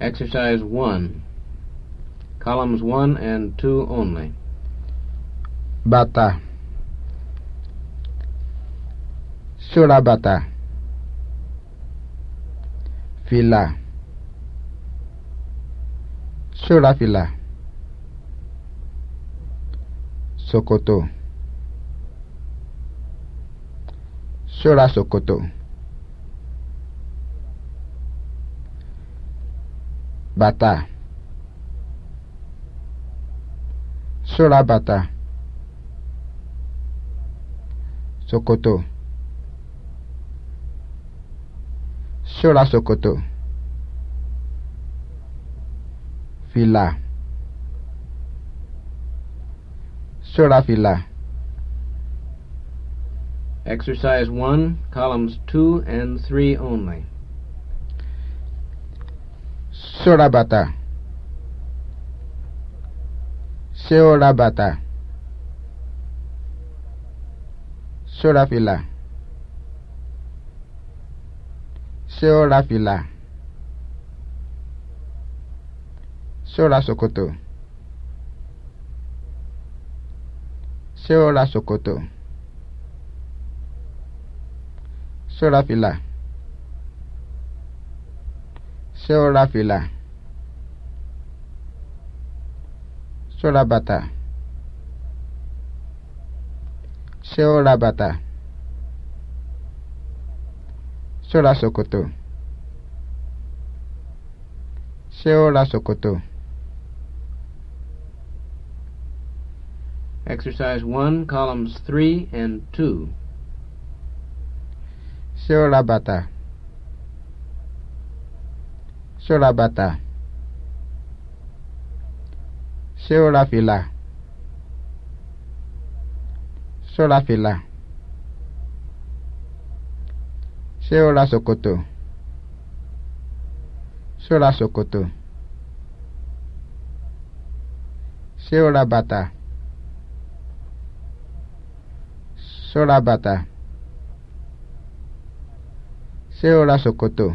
Exercise 1. Columns 1 and 2 only. Bata. Surabata. Fila. Surafila. Sokoto. Sura Sokoto. bàtà sóra bàtà ṣòkòtò sóra ṣòkòtò fìlà sóra fìlà. Exercise 1, columns 2 and 3 only. ṣé ó ra bàtà ṣé ó ra bàtà ṣé ra fìlà ṣé ra fìlà ṣé ra ṣòkòtò ṣé ra ṣòkòtò ṣé fila. ra bata. ṣé bata. ra sokoto. ṣé sokoto. Exercise 1, columns 3 and 2. Ṣé bata ṣé ó ra bàtà ṣé ó ra fìlà ṣé ó ra fìlà ṣé ó ra sokoto ṣé ó ra ṣòkòtò ṣé ó ra bàtà ṣé ó ra bàtà ṣé ó ra ṣòkòtò.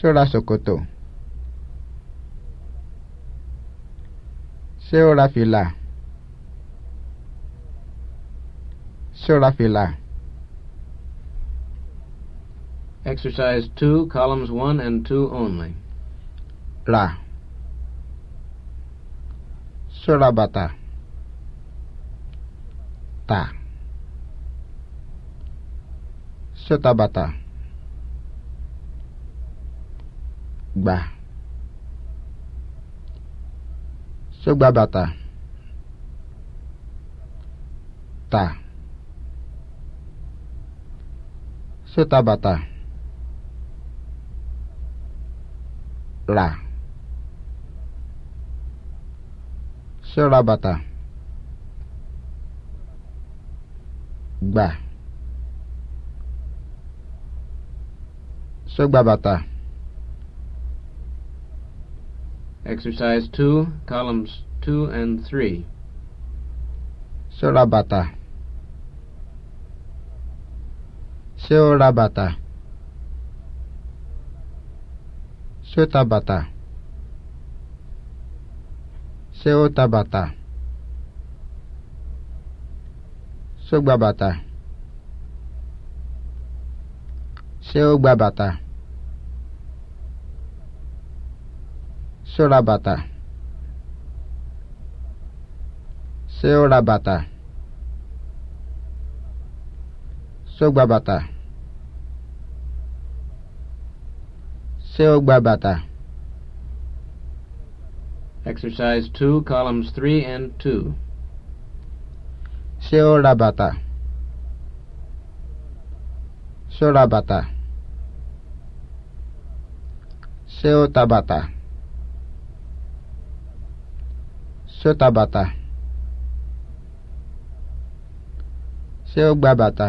Sorasokoto. sokoto. ó fìlà? Ṣé fìlà? Exercise 2, columns 1 and 2 only. La. Ṣé bàtà? Ta. Sota bàtà? gbà ṣó bàtà tà ṣó ta bàtà rà ṣó ra bàtà gbà ṣó gba bàtà. Exercise 2, columns 2 and 3. Sorabata. Sorabata. Sotabata. Seotabata. Sogbabata. Seogbabata. Seolabata. Seolabata. Sogbabata. Seogbabata. Exercise 2, columns 3 and 2. Seolabata. Seolabata. Seotabata. ṣé ó ta bàtà ṣé ó gba bàtà.